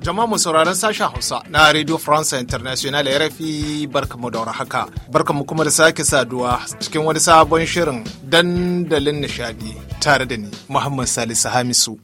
jama mu sauraron sashen Hausa na Radio France International RFI barkamu da haka. mu kuma da sake saduwa cikin wani sabon shirin dandalin nishadi tare da ni Muhammad Salisu Hamisu.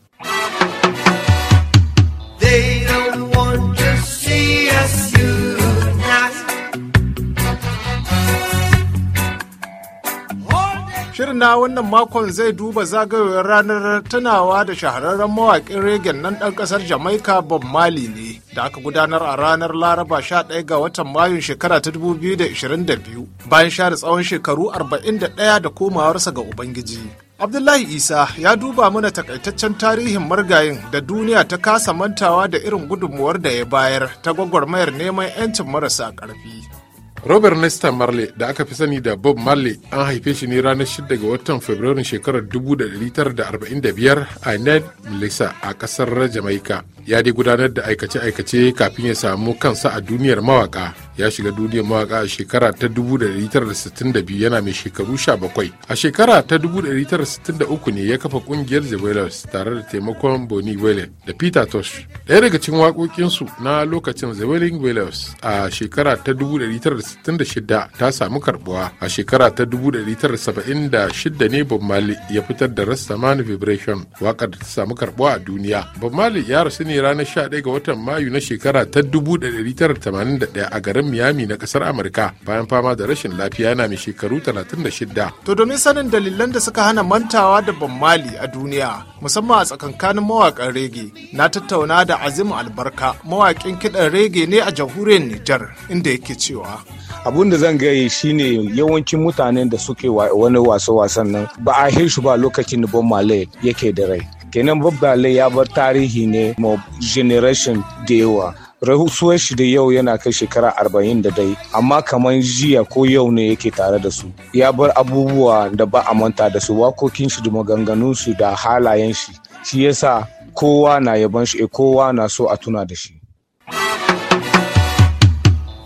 Shirin na wannan makon zai duba zagayowar ranar tunawa da shahararren mawaƙin regen nan ɗan ƙasar Jamaica Bob Marley ne da aka gudanar a ranar Laraba 11 ga watan Mayu shekara ta 2022 bayan share tsawon shekaru 41 da komawarsa ga Ubangiji. Abdullahi Isa ya duba mana takaitaccen tarihin margayin da duniya ta kasa mantawa da irin gudunmuwar da ya bayar ta gwagwarmayar neman 'yancin marasa ƙarfi. Robert nesta Marley da aka fi sani da Bob Marley an haife shi ne ranar 6 ga watan Fabrairun shekarar 1945 a Ned Melissa a kasar Jamaica. ya dai gudanar da aikace-aikace kafin ya samu kansa a duniyar mawaka ya shiga duniyar mawaka a shekara ta 1962 yana mai shekaru 17 a shekara ta 1963 ne ya kafa kungiyar the wailers tare da taimakon bonnie wailer da peter tosh daya daga cikin waƙoƙinsu na lokacin the wailing wailers a shekara ta 1966 ta samu karbuwa a shekara ta 1976 ne bob marley ya fitar da rastaman vibration waƙar da ta samu karbuwa a duniya bob marley ya rasu ne ne ranar 11 ga watan Mayu na shekara ta 1981 a garin Miami na kasar Amurka bayan fama da rashin lafiya yana mai shekaru 36. To domin sanin dalilan da suka hana mantawa da mali a duniya musamman a tsakankanin mawakan rege na tattauna da Azim Albarka mawakin kidan rege ne a jamhuriyar Nijar inda yake cewa. abun da zan gaya shine yawancin mutanen da suke wani wasu wasan nan ba a shi ba lokacin da bon male yake da rai kenan bob ya bar tarihi ne ma generation da yawa rahusuwar shi da yau yana kai shekara arba'in da dai amma kamar jiya ko yau ne yake tare da su ya bar abubuwa da ba a manta da su wakokin shi da maganganun su da halayen shi shi yasa kowa na yaban shi eh, kowa na so a tuna da shi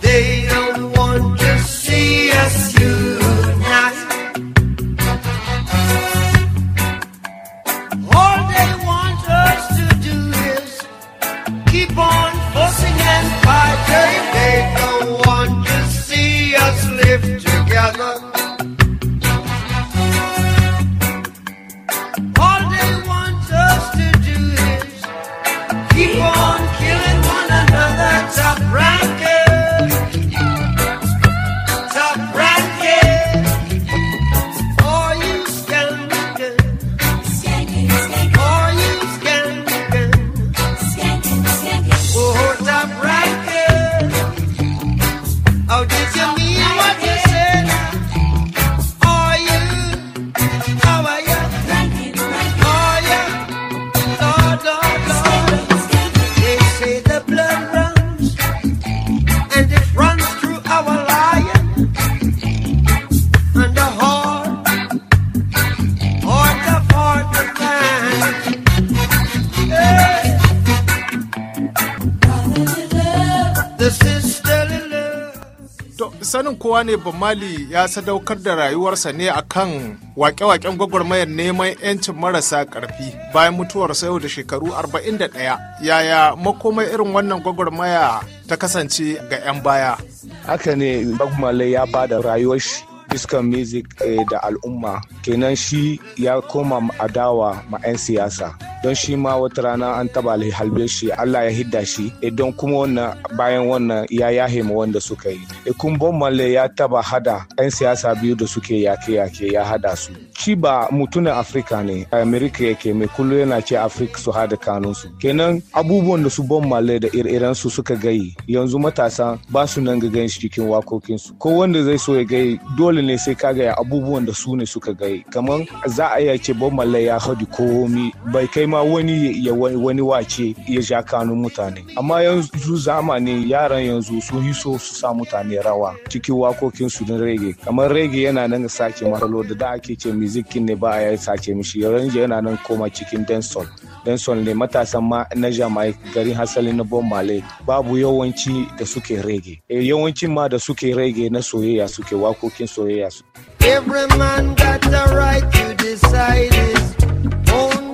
They don't want to see us kowa ne Bamali ya sadaukar da rayuwarsa ne akan wake-waken gwagwarmayar neman 'yancin marasa karfi bayan mutuwarsa yau da shekaru 41 yaya makomai irin wannan gwagwarmaya ta kasance ga 'yan baya. Haka ne Bamali ya ba da rayuwar shi fiskan music eh, da al'umma kenan shi ya koma adawa ma 'yan siyasa. don shi ma wata rana an taba halbe shi Allah ya hidda shi idan eh, kuma wannan bayan wannan ya yahe ma wanda suka yi ikun eh, Malle ya taba hada 'yan siyasa biyu da suke yake yake ya hada su shi ba mutumin afirka ne amerika yake mai kullu yana ce afirka su hada su. kenan abubuwan da su Malle da ire-iren su suka gayi yanzu matasa ba su nan ga ganin cikin su. ko wanda zai so ya gayi dole ne sai ka gaya abubuwan da su ne suka gayi kamar za a iya ce Malle ya hadi komi bai kai ma wani ya wani wace ya ja kanun mutane amma yanzu zamani yaran yanzu sun yi so su sa mutane rawa cikin wakokin su din rege kamar rege yana nan sake marlo da da ake ce mizikin ne ba ya sace mishi yanzu yana nan koma cikin dancehall dancehall ne matasan ma na jamaica garin hasali na bon male babu yawanci da suke rege eh, yawancin ma da suke rege na soyayya suke wakokin soyayya su Every man got the right to decide his own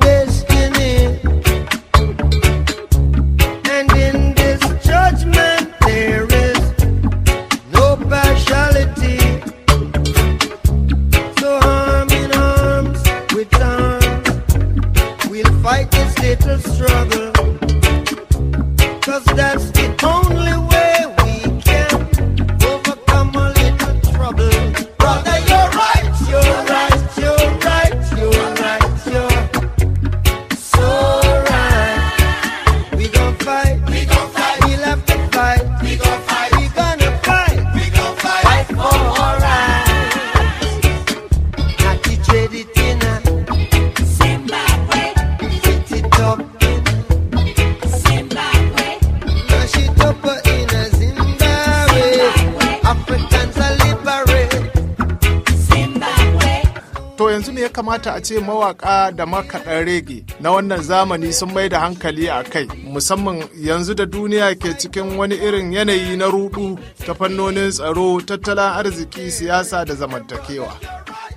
kamata a ce mawaka da makaɗan rege na wannan zamani sun mai da hankali a kai musamman yanzu da duniya ke cikin wani irin yanayi na rudu ta fannonin tsaro tattalin arziki siyasa da zamantakewa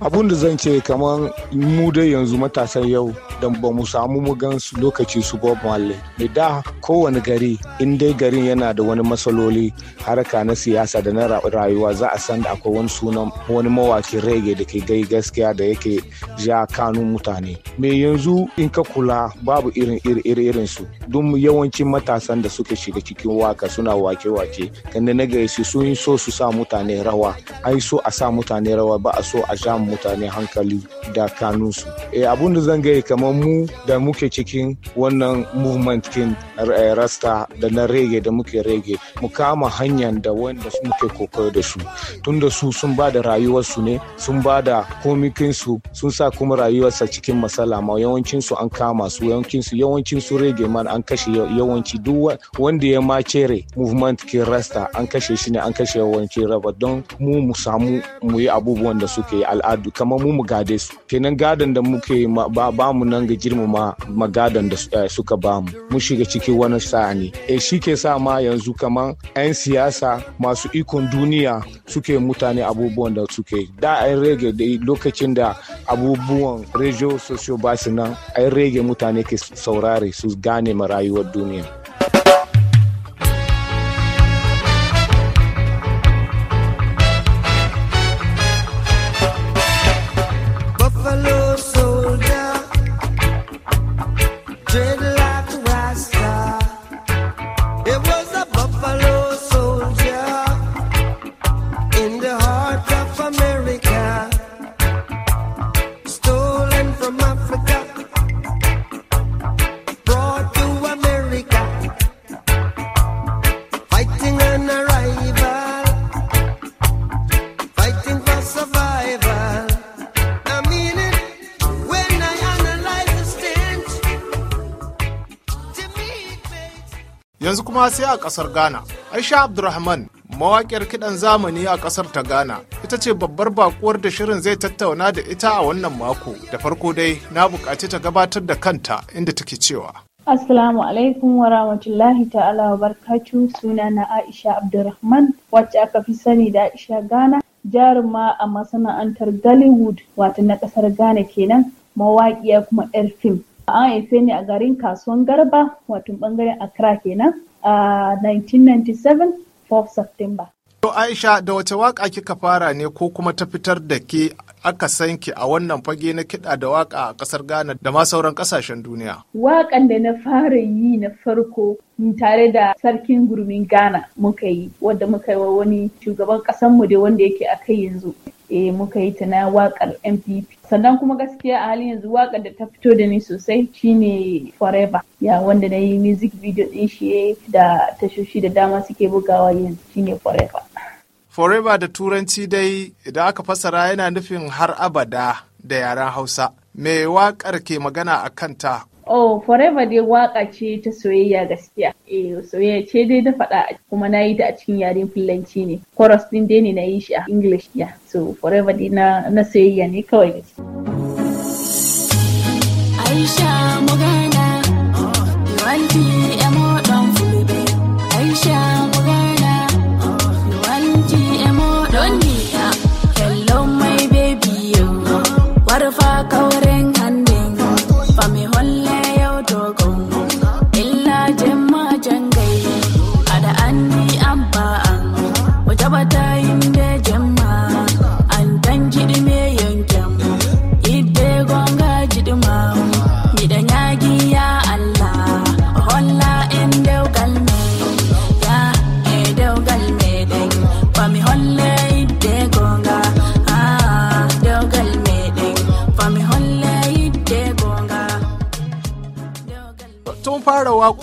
abun da zan ce kamar mu dai yanzu matasan yau don ba mu samu mu su lokaci su bob marley da kowane gari in dai garin yana da wani matsaloli harka na siyasa da na rayuwa za a san da akwai wani sunan wani mawakin rege da ke gai gaskiya da yake ja kanun mutane me yanzu in ka kula babu irin irin irin su don yawancin matasan da suka shiga cikin waka suna wake wake kan na gaisu sun so su sa mutane rawa ai so a sa mutane rawa ba a so a sha mutane hankali da kanunsu e abun da zan gaya kamar mu da muke cikin wannan movement kin eh, rasta da na rege da muke rege mu kama hanyar da wanda muke kokoyo da su tunda su sun ba da rayuwarsu ne sun ba da komikinsu sun sa kuma rayuwarsa cikin matsala ma yawancin an kama su yawancin su yawancin su rege man an kashe yawanci duk wanda ya macere re movement kin rasta an kashe shi ne an kashe yawanci raba don mu mu samu mu yi abubuwan da suke al'ada gado kamar mu mu gade su kenan gadon da muke ba mu nan ga girmama magadan da eh, suka ba mu mu shiga cikin wani sa'ani e eh, shi ke sa ma yanzu kamar 'yan siyasa masu ikon duniya suke mutane abubuwan da suke da an rage da lokacin da abubuwan rejo socio basu nan an rage mutane ke saurare su gane ma rayuwar duniya yanzu kuma sai a kasar ghana aisha abdulrahman mawaƙiyar kiɗan zamani a ƙasar ta ghana ita ce babbar bakuwar da shirin zai tattauna da ita a wannan mako da farko dai na bukaci ta gabatar da kanta inda take cewa Assalamu alaikum wa rahmatullahi ta'ala wa barkatu suna na Aisha Abdulrahman wacce aka fi sani da Aisha Ghana jaruma a masana'antar Gallywood wato na kasar Ghana kenan mawaƙiya kuma 'yar fim. An haife ni a garin kasuwan Garba, wato bangaren Accra kenan, a 1997, 4 September. To Aisha da wace waka kika fara ne ko kuma ta fitar da ke aka san ki a wannan fage na kiɗa da waka a ƙasar Ghana da ma sauran ƙasashen duniya? waƙan da na fara yi na farko tare da sarkin gurmin Ghana muka yi wadda muka yi wa wani shugaban ƙasanmu da wanda yake a kai yanzu. eh muka yi ta na wakar MPP. Sannan kuma gaskiya a halin yanzu wakar da ta fito da ni sosai shine Forever. Ya wanda na yi music video din shi da tashoshi da dama suke bugawa yanzu shine Forever. Forever da turanci dai da aka fassara yana nufin har abada da yaren Hausa. Me wakar ke magana a kanta Oh, Forever dai waka ce ta soyayya gaskiya. Eh, soyayya ce dai na faɗa kuma na yi ta a cikin yaren filanci ne. Chorus din dai ne na yi shi a English ya. So, Forever dai na soyayya ne kawai gaskiya.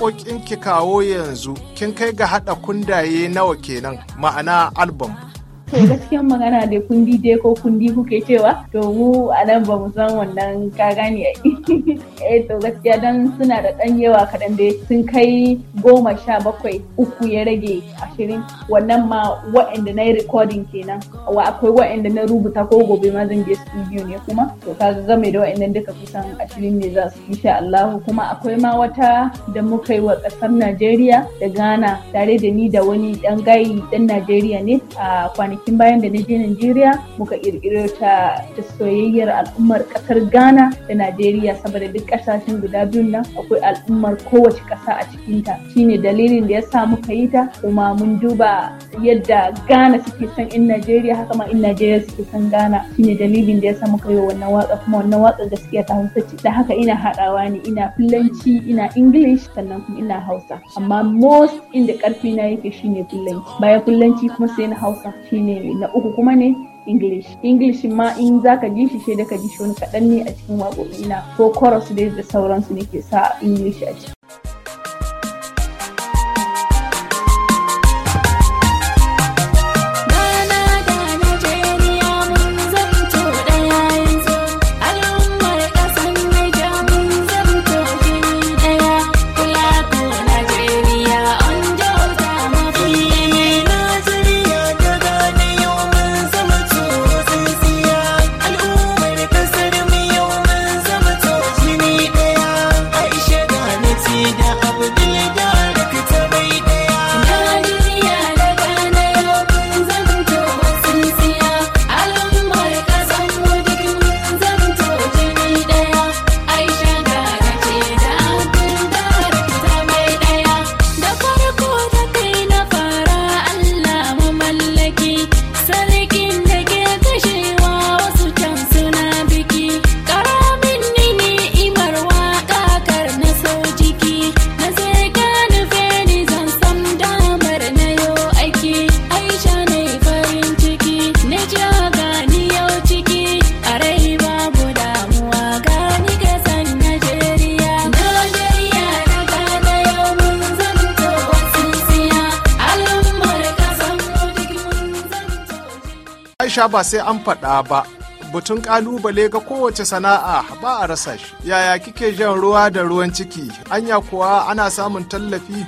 waƙoƙin ki kawo yanzu kin kai ga haɗa kundaye nawa kenan ma'ana album to gaskiyan magana dai kundi dai ko kundi kuke cewa to mu a nan ba mu san wannan ka gane eh to gaskiya dan suna da dan yawa kaɗan dai sun kai goma sha bakwai uku ya rage ashirin wannan ma wa'anda na yi recording kenan wa akwai wa'anda na rubuta ko gobe ma zan je studio ne kuma to ka game da wa'annan duka kusan ashirin ne za su insha Allah kuma akwai ma wata da muka yi wa ƙasar Najeriya da Ghana tare da ni da wani ɗan gayi dan Najeriya ne a kwanaki kwanakin bayan da na je Najeriya muka kirkiro ta ta soyayyar al'ummar kasar Ghana da Najeriya saboda duk kasashen guda biyun nan akwai al'ummar kowace kasa a cikinta shine dalilin da ya sa muka yi ta kuma mun duba yadda Ghana suke son in Najeriya haka ma in Najeriya suke son Ghana shine dalilin da ya sa muka yi wannan waka kuma wannan waka gaskiya ta Hausa ce da haka ina haɗawa ne ina Fulanci ina English sannan kuma ina Hausa amma most inda karfi na yake shine Fulanci baya Fulanci kuma sai na Hausa shine ne na uku kuma ne English. English ma in za ka ji shi da ka ji shi wani kaɗan ne a cikin waƙoƙi na ko chorus dai da sauransu ne ke sa English a ciki. sha ba sai an faɗa ba batun ƙalubale ga kowace sana'a ba a rasa shi yaya kike jan ruwa da ruwan ciki anya kuwa ana samun tallafi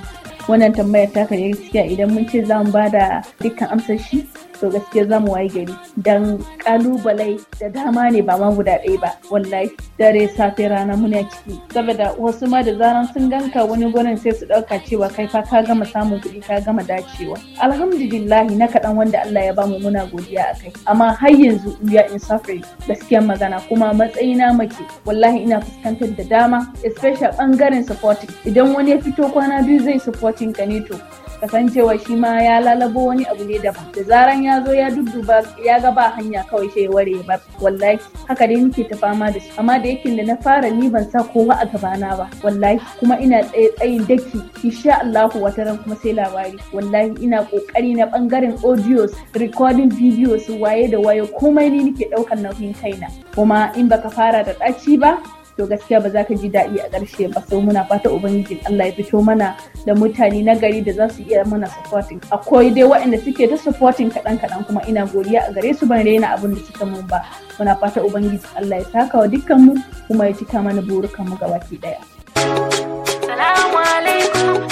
wannan tambayar ta kare gaskiya idan mun ce za mu bada dukkan amsar shi to gaskiya za mu waye gari dan kalubale da dama ne ba ma guda ɗaya ba wallahi dare safe rana muna ciki saboda wasu ma da zaran sun ganka wani gurin sai su ɗauka cewa kai fa ka gama samun kuɗi ka gama dacewa alhamdulillahi na kaɗan wanda Allah ya bamu muna godiya a kai amma har yanzu ya in suffering gaskiya magana kuma matsayi na mace wallahi ina fuskantar da dama especially bangaren supporting idan wani ya fito kwana biyu zai supporting ka ne to kasancewa shi ma ya lalabo wani abu ne da da zaran ya zo ya dudduba ya ga ba hanya kawai sai ware ba wallahi haka dai nake ta fama da shi amma da yake da na fara ni ban sa kowa a gabana ba wallahi kuma ina tsaye tsayin daki insha Allah wata ran kuma sai labari wallahi ina kokari na bangaren audios recording videos waye da waye komai ni nake daukar nauyin kaina kuma in baka fara da ɗaci ba to gaskiya ba za ka ji daɗi a ƙarshe ba so muna fata ubangiji Allah ya fito mana da mutane na gari da za su iya mana supporting akwai dai waɗanda suke ta supporting kaɗan kaɗan kuma ina godiya a gare su ban raina abin da suka mun ba muna fata ubangiji Allah ya saka wa dukkan mu kuma ya cika mana burukan mu gabaki ɗaya. Salamu alaikum,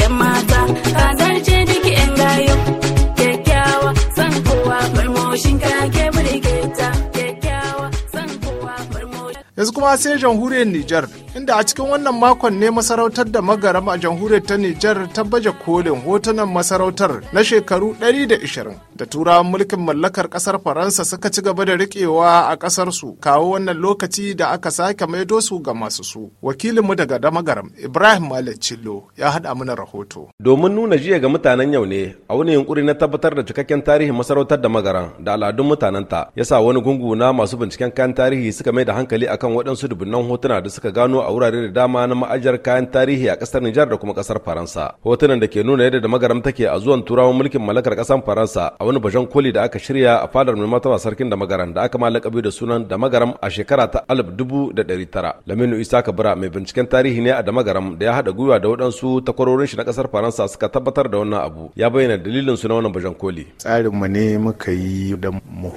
'yan mata kazar ce duk 'yan gayu kyakkyawa san kowa barmoshin kake birgita kyakkyawa san kowa barmoshin yanzu kuma sai jamhuriyar Nijar inda a cikin wannan makon ne masarautar da magaram a jamhuriyar ta Nijar ta baje kolin hotunan masarautar na shekaru 120 da turawan mulkin mallakar kasar Faransa suka ci gaba da rikewa a kasar su kawo wannan lokaci da aka sake maido su ga masu su. Wakilinmu daga da magaram Ibrahim Malik Cillo ya hada mana rahoto. Domin nuna jiya ga mutanen yau ne a wani yunkuri na tabbatar da cikakken tarihin masarautar da magaran da al'adun mutanenta yasa wani gungu na masu binciken kayan tarihi suka mai da hankali akan waɗansu dubunnan hotuna da suka gano a wurare da dama na ma'ajiyar kayan tarihi a kasar Nijar da kuma kasar Faransa. Hotunan da ke nuna yadda da magaram take a zuwan turawan mulkin mallakar kasar Faransa a wani bajan koli da aka shirya a fadar mai mata sarkin da magaran da aka malakabi da sunan da magaram a shekara ta alif dubu da tara. Laminu Isa Kabira mai binciken tarihi ne a da magaram da ya haɗa gwiwa da waɗansu takwarorin shi na kasar Faransa suka tabbatar da wannan abu. Ya bayyana dalilin su na wannan bajan koli. mu ne muka yi da mu mu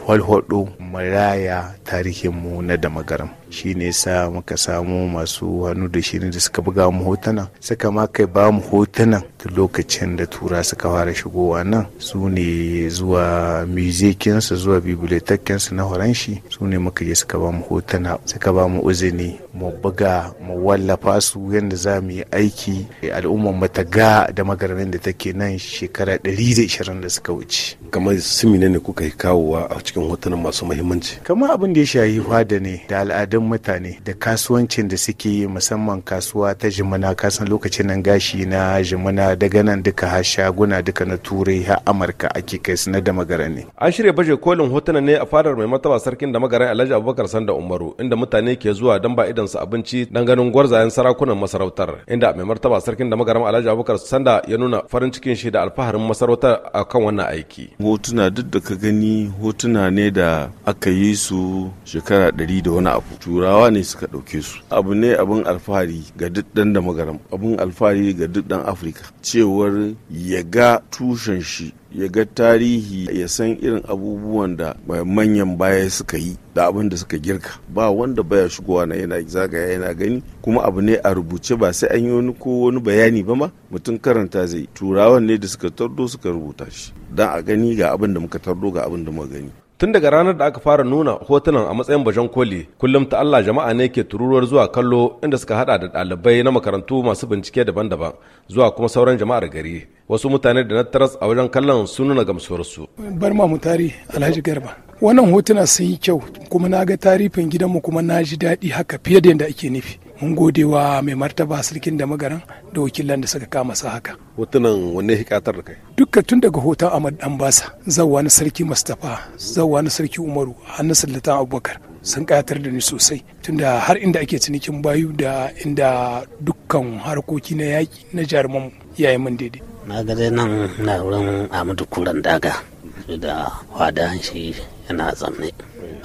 raya tarihinmu na da magaram. shi ne sa muka samu masu hannu da shi ne da suka buga mu hotuna suka ma kai ba mu hotunan tun lokacin da tura suka fara shigowa nan su ne zuwa muzikinsu zuwa bibliotekinsu na horanshi su ne muka je suka ba mu hotuna suka ba mu uzini mu buga mu wallafa su yadda za mu yi aiki al'ummar mata ga da magarmin da take nan shekara 120 da suka wuce kamar simine ne kuka yi kawowa a cikin hotunan masu muhimmanci kamar abin da ya shayi fada ne da al'adun mutane da kasuwancin da suke yi musamman kasuwa ta jimana kasan lokacin nan gashi na jimana daga nan duka har shaguna duka na turai har amurka ake kai su na da ne an shirya baje kolin hotuna ne a fadar mai mataba sarkin da alhaji abubakar sanda umaru inda mutane ke zuwa don ba idan su abinci dan ganin gwarzayen sarakunan masarautar inda mai martaba sarkin da alhaji abubakar sanda ya nuna farin cikin shi da alfaharin masarautar a kan wannan aiki hotuna duk da ka gani hotuna ne da aka yi su shekara ɗari da wani abu turawa ne suka ɗauke su abu ne abin alfahari ga duk ɗan da abin alfahari ga duk ɗan afirka cewar ya ga tushen shi ya ga tarihi ya san irin abubuwan da manyan baya suka yi da abin da suka girka ba wanda baya shigowa na yana zagaya yana gani kuma abu ne a rubuce ba sai an yi wani ko wani bayani ba ma mutum karanta zai turawan ne da suka tardo suka rubuta shi don a gani ga abin da muka tardo ga abin da muka gani tun daga ranar da aka fara nuna hotunan a matsayin bajan koli kullum ta Allah jama'a ne ke tururuwar zuwa kallo inda suka hada da ɗalibai na makarantu masu bincike daban-daban zuwa kuma sauran jama'ar gari wasu mutane da na taras a wajen kallon sun nuna gamsuwarsu. bar ma mu tari alhaji garba wannan hotuna sun yi kyau kuma na ga tarifin gidanmu kuma na ji daɗi haka fiye da yadda ake nufi mun gode wa mai martaba sarkin da magaran da wakilan da suka kama sa haka hotunan wanne hikatar da kai dukka tun daga hoton Ahmad Ambasa zawwa na sarki Mustapha zawwa na sarki Umaru hannun sallatan Abubakar sun kayatar da ni sosai tunda har inda ake cinikin bayu da inda dukkan harkoki na yaƙi na jaruman yayi min daidai na ga dai nan na wurin Ahmadu Kuran Daga da wadan shi yana tsanne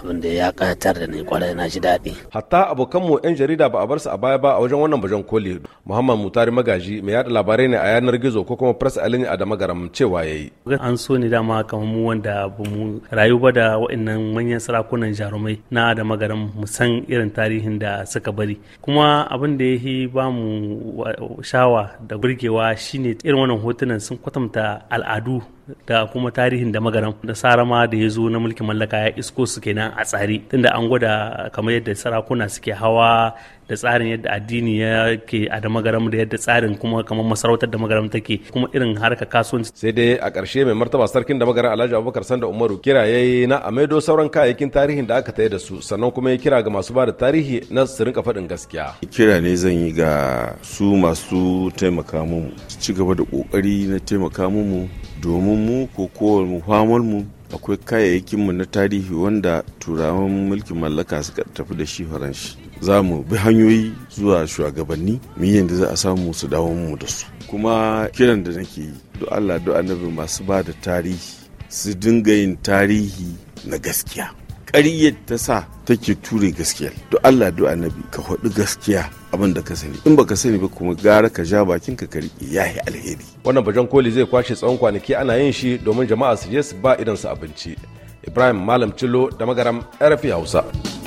abin da ya kayatar da ni kwarai na shi daɗi. Hatta abokanmu 'yan jarida ba a bar su a baya ba a wajen wannan bajan koli. Muhammad Mutari Magaji mai yada labarai ne a yanar gizo ko kuma press alin a dama garam cewa yayi. An so ne dama kamar mu wanda ba mu rayu ba da waɗannan manyan sarakunan jarumai na da magaram mu san irin tarihin da suka bari. Kuma abin da yahi ba mu shawa da burgewa shine irin wannan hotunan sun kwatanta al'adu da kuma tarihin da magaram da sarama da ya zo na mulkin mallaka ya isko su kenan a tsari tunda an gwada kamar yadda sarakuna suke hawa da tsarin yadda addini yake a da magaram da yadda tsarin kuma kamar masarautar da magaram take kuma irin harka kasuwanci sai dai a ƙarshe mai martaba sarkin da magaram Alhaji Abubakar Sanda Umaru kira ya yi na a maido sauran kayayyakin tarihin da aka tayar da su sannan kuma ya kira ga masu ba da tarihi na su rinka faɗin gaskiya kira ne zan yi ga su masu taimaka mu ci gaba da kokari na taimaka mu domin mu kokowar mu famar mu akwai kayayyakin mu na tarihi wanda turawan mulkin mallaka suka tafi da shi faranshi za mu bi hanyoyi zuwa shugabanni mu yi yadda za a samu su dawo mu da su kuma kiran da nake yi do Allah do annabi masu ba da tarihi su dinga yin tarihi na gaskiya ƙaryar ta sa take ture gaskiya to Allah do annabi ka faɗi gaskiya abin da ka sani in baka sani ba kuma gara ka ja bakin ka karki yahi alheri wannan bajan koli zai kwashe tsawon kwanaki ana yin shi domin jama'a su je su ba idan su abinci Ibrahim Malam Cillo da magaram RFI Hausa